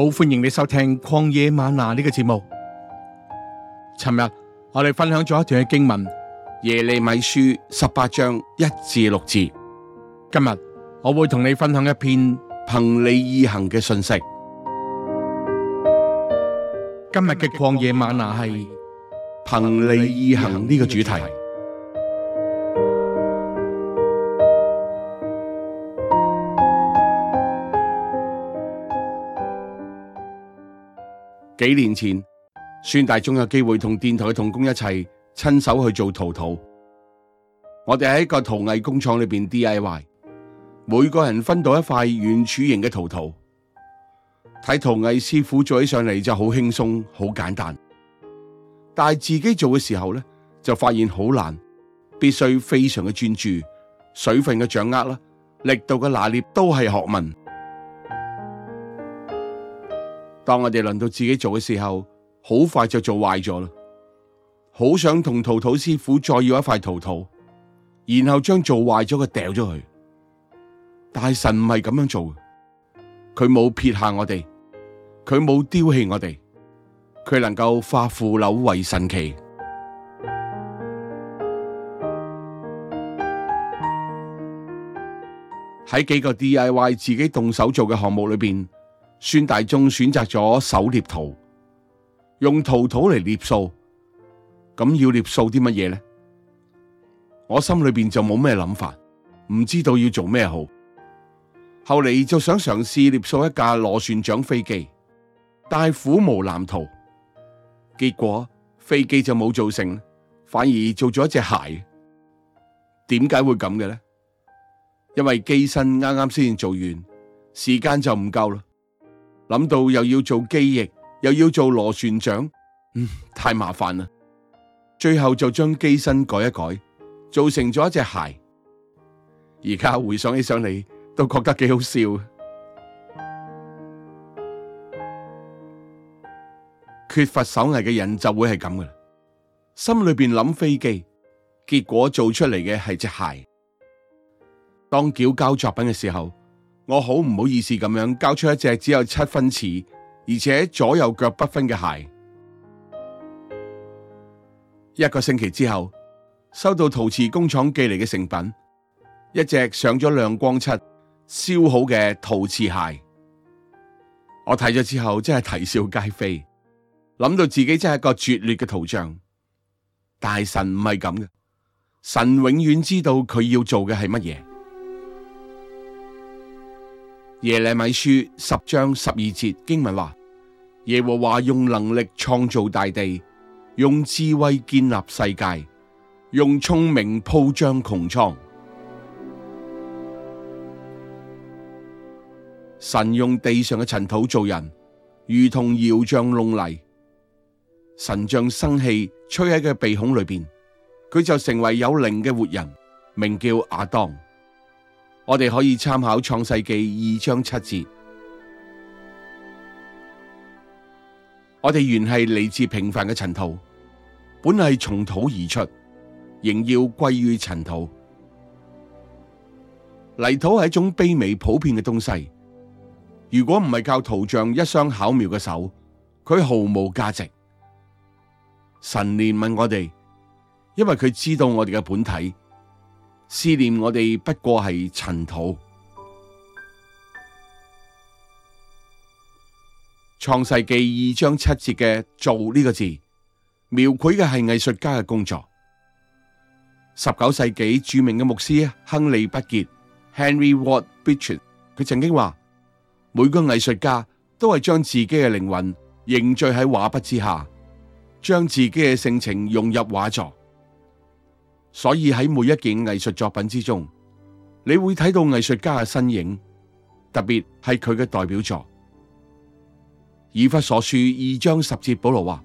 好歡迎你收聽曠野嗎哪呢、這個節目。尋日我哋分享咗一段嘅經文《耶利米書》十八章一至六節。今日我會同你分享一篇憑你意行嘅信息。今日嘅曠野嗎哪係憑你意行呢、這個主題。幾年前，孫大中有機會同電台同工一齊親手去做陶陶。我哋喺一個陶藝工廠裏邊 DIY，每個人分到一塊圓柱形嘅陶陶，睇陶藝師傅做起上嚟就好輕鬆、好簡單。但係自己做嘅時候呢，就發現好難，必須非常嘅專注、水分嘅掌握、力度嘅拿捏都係學問。當我哋輪到自己做嘅時候，好快就做壞咗啦。好想同陶土師傅再要一塊陶土，然後將做壞咗嘅掉咗佢。但係神唔係咁樣做，佢冇撇下我哋，佢冇丟棄我哋，佢能夠化腐朽為神奇。喺幾個 DIY 自己動手做嘅項目裏邊。孫大中選擇咗手捏陶，用陶土嚟捏塑，咁要捏塑啲乜嘢咧？我心裏邊就冇咩諗法，唔知道要做咩好。後嚟就想嘗試捏塑一架螺旋槳飛機，但係苦無藍圖，結果飛機就冇做成，反而做咗一隻鞋。點解會咁嘅咧？因為機身啱啱先做完，時間就唔夠啦。諗到又要做機翼，又要做螺旋槳，嗯，太麻煩啦。最後就將機身改一改，做成咗一隻鞋。而家回想起上嚟都覺得幾好笑。缺乏手藝嘅人就會係咁嘅啦，心裏面諗飛機，結果做出嚟嘅係隻鞋。當繳交作品嘅時候，我好唔好意思咁樣交出一隻只有七分似，而且左右腳不分嘅鞋。一個星期之後，收到陶瓷工廠寄嚟嘅成品，一隻上咗亮光漆、燒好嘅陶瓷鞋。我睇咗之後，真係啼笑皆非，諗到自己真係一個拙劣嘅陶匠。但係神唔係咁嘅，神永遠知道佢要做嘅係乜嘢。耶利米書十章十二節經文話：耶和華用能力創造大地，用智慧建立世界，用聰明鋪張穹蒼。神用地上嘅塵土造人，如同窯匠弄泥。神將生氣吹喺佢鼻孔裏面，佢就成為有靈嘅活人，名叫亞當。我哋可以參考創世記二章七節，我哋原係嚟自平凡嘅塵土，本係從土而出，仍要歸於塵土。泥土係一種卑微普遍嘅東西，如果唔係靠陶匠一雙巧妙嘅手，佢毫無價值。神憐憫我哋，因為佢知道我哋嘅本體。思念我哋不過係塵土。創世記二章七節嘅做呢、這個字，描繪嘅係藝術家嘅工作。十九世紀著名嘅牧師亨利畢傑 （Henry Ward Beecher） 佢曾經話：每個藝術家都係將自己嘅靈魂凝聚喺畫筆之下，將自己嘅性情融入畫作。所以喺每一件藝術作品之中，你會睇到藝術家嘅身影，特別係佢嘅代表作。以弗所書二章十節保羅話：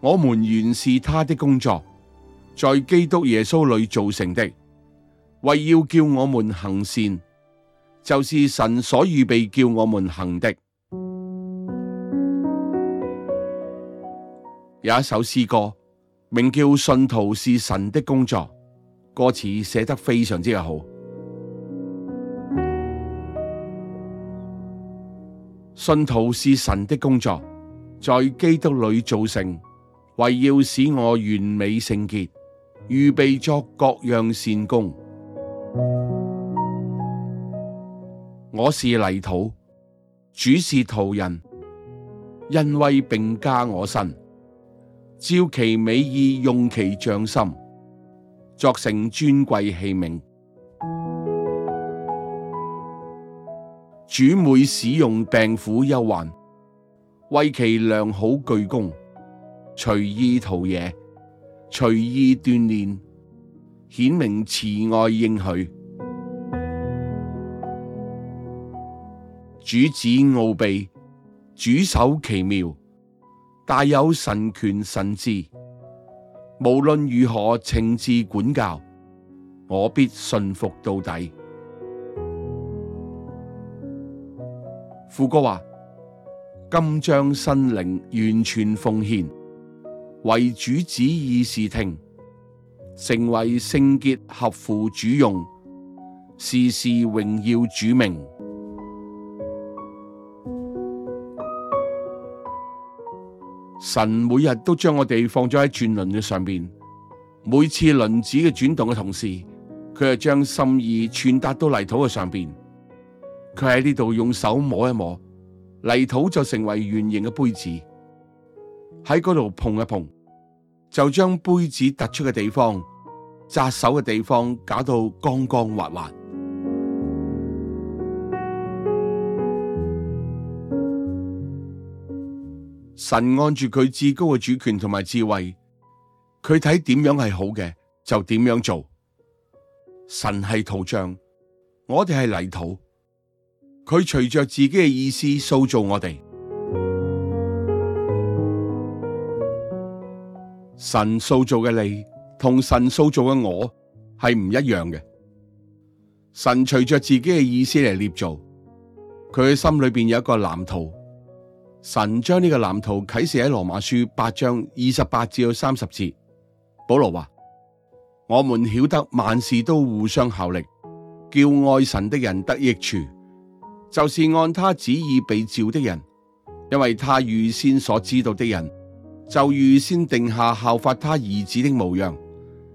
我們原是他的工作，在基督耶穌裏造成的，為要叫我們行善，就是神所預備叫我們行的。 有一首詩歌。名叫信徒是神的工作，歌詞寫得非常之好。信徒是神的工作，在基督裏造成，為要使我完美聖潔，預備作各樣善功。我是泥土，主是陶人，恩威並加我身。照其美意，用其匠心，作成尊貴器皿。 主每使用病苦憂患，為其良好具功，隨意陶冶，隨意鍛煉，顯明慈愛應許。 主子奧秘，主手奇妙。大有神權神智，無論如何懲治管教，我必信服到底。副歌話：今將身靈完全奉獻，為主旨意是聽，成為聖潔合乎主用，事事榮耀主名。」神每日都將我哋放咗喺轉輪嘅上邊，每次輪子嘅轉動嘅同時，佢就將心意傳達到泥土嘅上邊。佢喺呢度用手摸一摸，泥土就成為圓形嘅杯子。喺度碰一碰，就將杯子突出嘅地方，扎手嘅地方，搞到光光滑滑。神按住佢至高嘅主權同埋智慧，佢睇點樣係好嘅就點樣做。神係陶匠，我哋係泥土，佢隨着自己嘅意思塑造我哋。神塑造嘅你同神塑造嘅我係唔一樣嘅。神隨着自己嘅意思嚟捏造，佢嘅心裏邊有一個藍圖。神將呢個藍圖啟示喺羅馬書八章二十八至到三十節。保羅話：「我們曉得萬事都互相效力，叫愛神的人得益處，就是按他旨意被召的人，因為他預先所知道的人，就預先定下效法他兒子的模樣，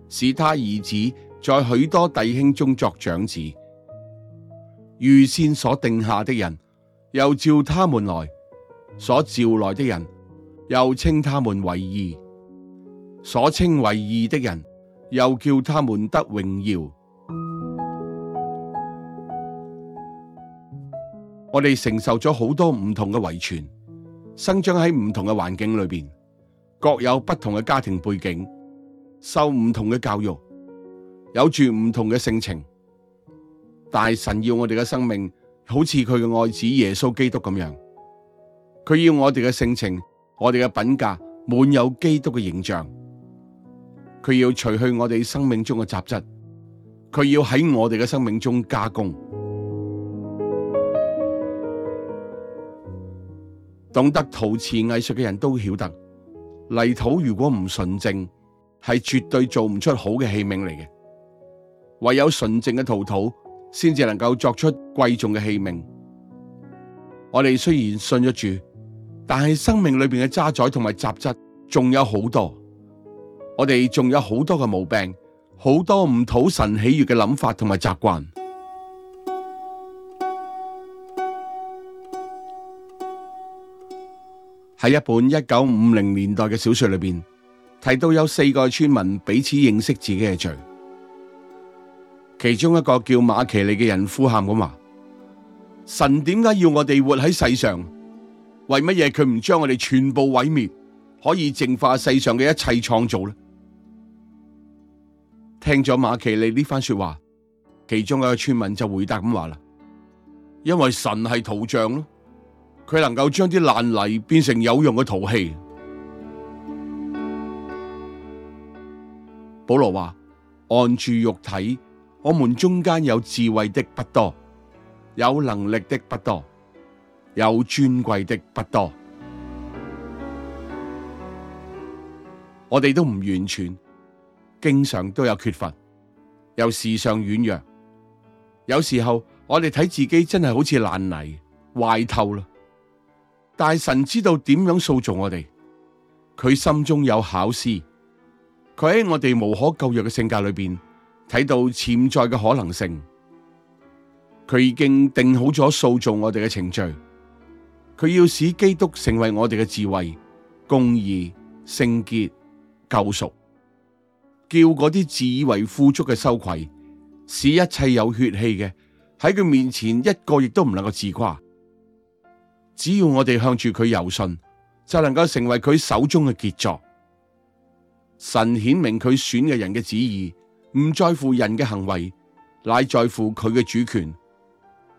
使他兒子在許多弟兄中作長子。預先所定下的人，又召他們來。所召來的人，又稱他們為義；所稱為義的人，又叫他們得榮耀。 我哋承受咗好多唔同嘅遺傳，生長喺唔同嘅環境裏邊，各有不同嘅家庭背景，受唔同嘅教育，有住唔同嘅性情。但係神要我哋嘅生命，好似佢嘅愛子耶穌基督咁樣。佢要我哋嘅性情，我哋嘅品格滿有基督嘅形象。佢要除去我哋生命中嘅雜質，佢要喺我哋嘅生命中加工。 懂得陶瓷藝術嘅人都曉得，泥土如果唔純正，係絕對做唔出好嘅器皿嚟嘅。唯有純正嘅陶土，土，先至能夠作出貴重嘅器皿。我哋雖然信咗主。但係生命裏面嘅渣滓同埋雜質仲有好多，我哋仲有好多嘅毛病，好多唔討神喜悦嘅諗法同埋習慣。喺一本一九五零年代嘅小說裏面，提到有四個村民彼此認識自己嘅罪，其中一個叫馬奇里嘅人呼喊咁話：神點解要我哋活喺世上？為乜嘢佢唔將我哋全部毀滅，可以淨化世上嘅一切創造咧？聽咗馬奇利呢番說話，其中一個村民就回答咁話啦：因為神係陶匠咯，佢能夠將啲爛泥變成有用嘅陶器。保羅話：按住肉體，我們中間有智慧的不多，有能力的不多。有尊貴的不多，我哋都唔完全，經常都有缺乏，又時常軟弱。有時候我哋睇自己真係好似爛泥，壞透啦。但神知道點樣塑造我哋，佢心中有巧思，佢喺我哋無可救藥嘅性格裏面睇到潛在嘅可能性，佢已經定好咗塑造我哋嘅程序。佢要使基督成為我哋嘅智慧、公義、聖潔、救贖，叫嗰啲自以為富足嘅羞愧，使一切有血氣嘅喺佢面前一個亦都唔能夠自誇。只要我哋向住佢游信，就能夠成為佢手中嘅傑作。神顯明佢選嘅人嘅旨意，唔在乎人嘅行為，乃在乎佢嘅主權。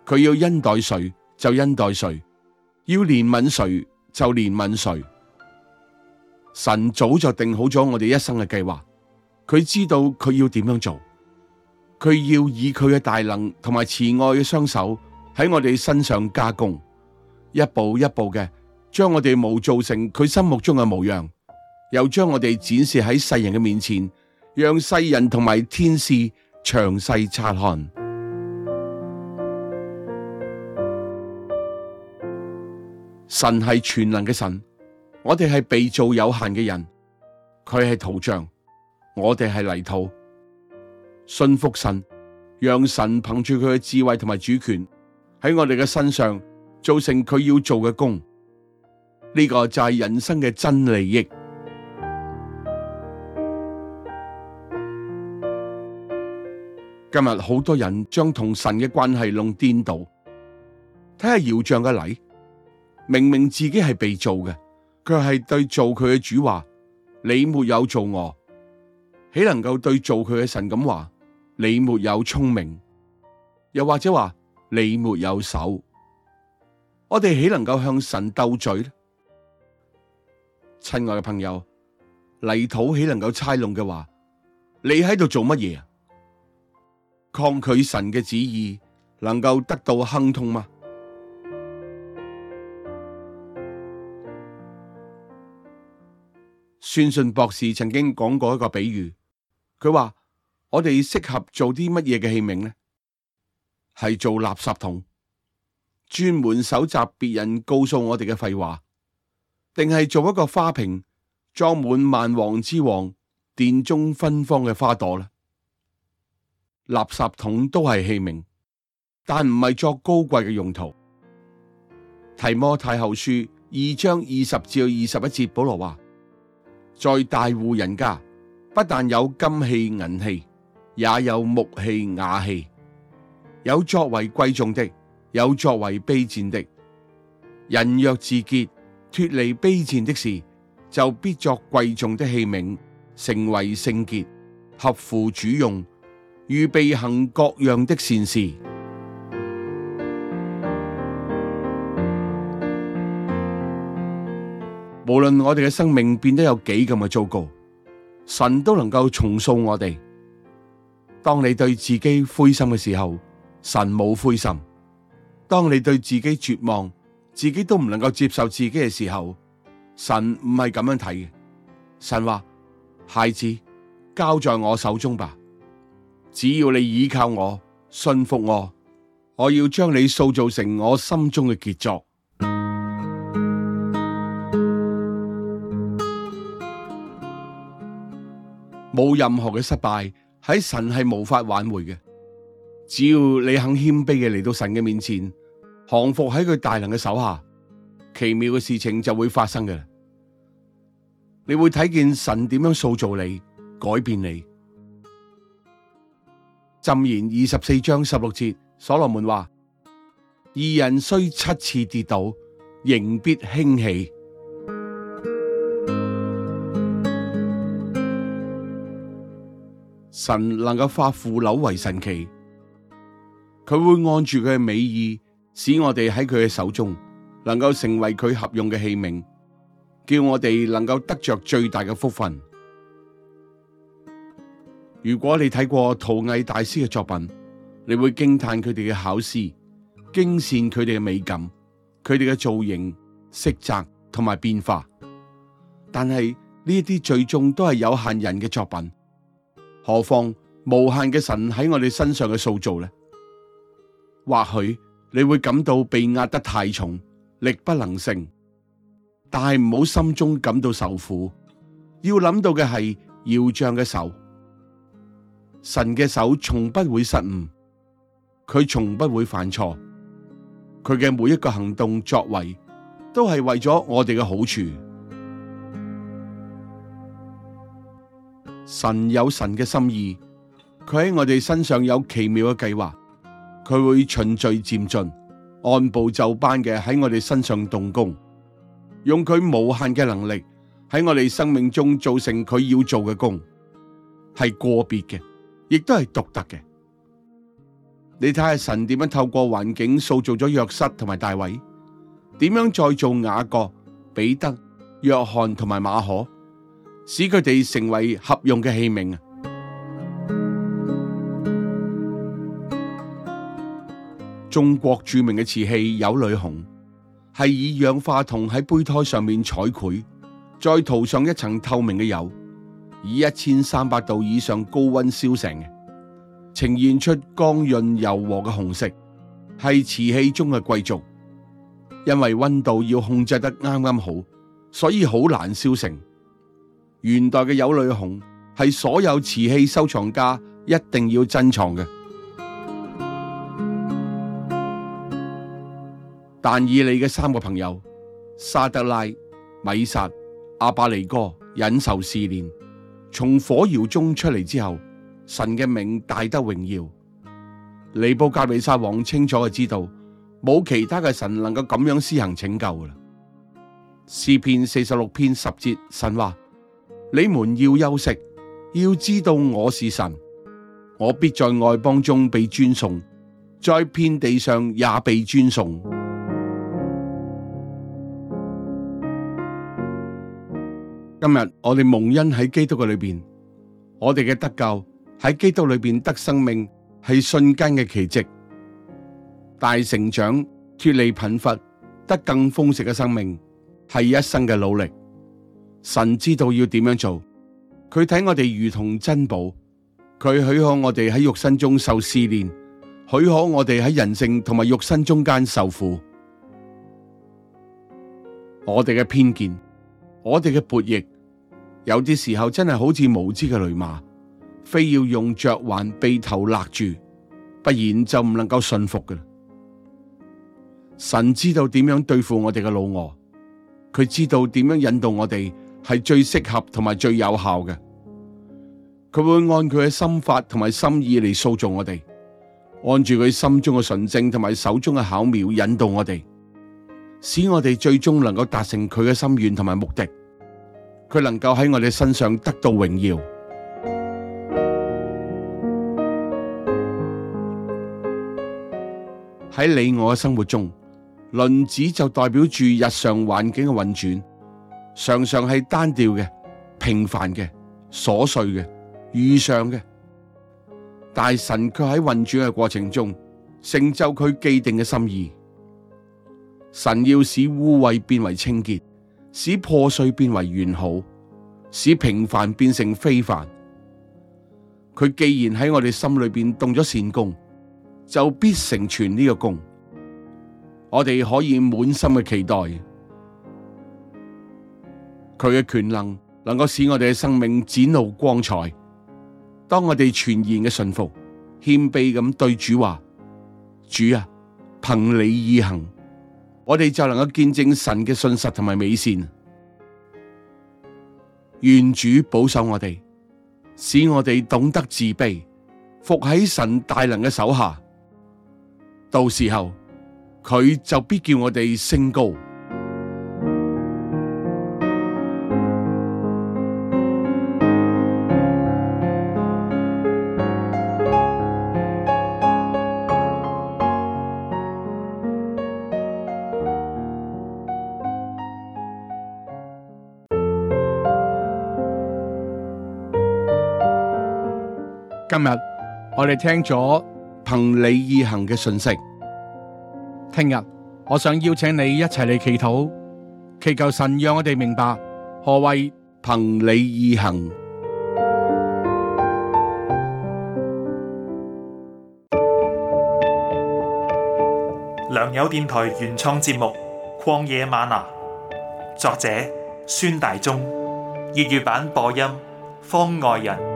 佢要恩待誰就恩待誰，要憐憫誰就憐憫誰，神早就定好咗我哋一生嘅計劃，佢知道佢要點樣做，佢要以佢嘅大能同埋慈愛嘅雙手喺我哋身上加工，一步一步嘅將我哋模造成佢心目中嘅模樣，又將我哋展示喺世人嘅面前，讓世人同埋天使詳細察看。神係全能嘅神，我哋係被造有限嘅人，佢係陶匠，我哋係泥土。信服神，讓神憑住佢嘅智慧同埋主權，喺我哋嘅身上做成佢要做嘅工，呢、這個就係人生嘅真利益。今日好多人將同神嘅關係弄顛倒，睇下搖像嘅禮。明明自己係被造嘅，卻係對造佢嘅主話：你沒有造我，豈能夠對造佢嘅神咁話？你沒有聰明，又或者話你沒有手，我哋豈能夠向神鬥嘴呢？親愛嘅朋友，泥土豈能夠猜,猜弄嘅話？你喺度做乜嘢啊？抗拒神嘅旨意，能夠得到亨通嗎？.宣信博士曾經講過一個比喻，佢話：我哋適合做啲乜嘢嘅器皿呢？係做垃圾桶，專門搜集別人告訴我哋嘅廢話，定係做一個花瓶，裝滿萬王之王殿中芬芳嘅花朵呢？垃圾桶都係器皿，但唔係作高貴嘅用途。提摩太後書二章二十至二十一節，保羅話。在大戶人家，不但有金器銀器，也有木器瓦器，有作為貴重的，有作為卑賤的。人若自潔，脫離卑賤的事，就必作貴重的器皿，成為聖潔，合乎主用，預備行各樣的善事。無論我哋嘅生命變得有幾咁嘅糟糕，神都能夠重塑我哋。當你對自己灰心嘅時候，神冇灰心；當你對自己絕望，自己都唔能夠接受自己嘅時候，神唔係咁樣睇嘅。神話：孩子，交在我手中吧，只要你依靠我、信服我，我要將你塑造成我心中嘅傑作。冇任何嘅失敗喺神係無法挽回嘅，只要你肯謙卑嘅嚟到神嘅面前，降服喺佢大能嘅手下，奇妙嘅事情就會發生嘅。你會睇見神點樣塑造你，改變你。箴言二十四章十六節，所羅門話，二人雖七次跌倒，仍必興起。神能夠化腐朽為神奇，佢會按住佢嘅美意，使我哋喺佢嘅手中，能夠成為佢合用嘅器皿，叫我哋能夠得着最大嘅福分。如果你睇過陶藝大師嘅作品，你會驚嘆佢哋嘅巧思、驚羨佢哋嘅美感、佢哋嘅造型、色澤同埋變化。但係呢啲最終都係有限人嘅作品。何況無限嘅神喺我哋身上嘅塑造咧？或許你會感到被壓得太重，力不能勝。但係唔好心中感到受苦，要諗到嘅係窯匠嘅手，神嘅手從不會失誤，佢從不會犯錯，佢嘅每一個行動作為都係為咗我哋嘅好處。神有神嘅心意，佢喺我哋身上有奇妙嘅計劃，佢會循序漸進、按部就班嘅喺我哋身上動工，用佢無限嘅能力喺我哋生命中造成佢要做嘅工，係個別嘅，亦都係獨特嘅。你睇下神點樣透過環境塑造咗約瑟同埋大衛，點樣再造雅各、彼得、約翰同埋馬可。使佢哋成為合用嘅器皿。中國著名嘅瓷器釉裏紅，係以氧化銅喺坯胎上面彩繪，再塗上一層透明嘅釉，以一千三百度以上高溫燒成，呈現出光潤柔和嘅紅色，係瓷器中嘅貴族。因為溫度要控制得啱啱好，所以好難燒成。元代嘅釉裏紅係所有瓷器收藏家一定要珍藏嘅。但以理嘅三個朋友沙德拉、米薩、阿巴尼哥忍受試煉，從火窑中出嚟之後，神嘅名大得榮耀。尼布甲尼撒王清楚嘅知道，冇其他嘅神能夠咁樣施行拯救啦。詩篇四十六篇十節，神話。你們要休息，要知道我是神，我必在外邦中被尊崇，在遍地上也被尊崇。今日我哋蒙恩喺基督嘅裏面，我哋嘅得救喺基督裏面得生命，係瞬間嘅奇跡；大成長脫離貧乏，得更豐盛嘅生命，係一生嘅努力。神知道要點樣做，佢睇我哋如同珍寶，佢許可我哋喺肉身中受試煉，許可我哋喺人性同埋肉身中間受苦。我哋嘅偏見，我哋嘅悖逆，有啲時候真係好似無知嘅騾馬，非要用嚼環轡頭勒住，不然就唔能夠馴服嘅。神知道點樣對付我哋嘅老我，佢知道點樣引導我哋。係最適合同埋最有效嘅，佢會按佢嘅心法同埋心意嚟塑造我哋，按住佢心中嘅純正同埋手中嘅巧妙引導我哋，使我哋最終能夠達成佢嘅心願同埋目的，佢能夠喺我哋身上得到榮耀。喺你我嘅生活中，輪子就代表住日常環境嘅運轉。常常係單調嘅、平凡嘅、瑣碎嘅、遇上嘅，但係神卻喺運轉嘅過程中成就佢既定嘅心意。神要使污穢變為清潔，使破碎變為完好，使平凡變成非凡。佢既然喺我哋心裏邊動咗善工，就必成全呢個工。我哋可以滿心嘅期待。佢嘅權能能夠使我哋嘅生命展露光彩。當我哋全然嘅順服、謙卑咁對主話：主啊，憑你意行，我哋就能夠見證神嘅信實同埋美善。願主保守我哋，使我哋懂得自卑，伏喺神大能嘅手下。到時候，佢就必叫我哋升高。我哋聽咗憑你意行嘅信息，聽日我想邀請你一齊嚟祈禱，祈求神讓我哋明白何謂憑你意行。良友 電台原創節目《曠野嗎哪》，作者孫大中，粵語版播音方外人。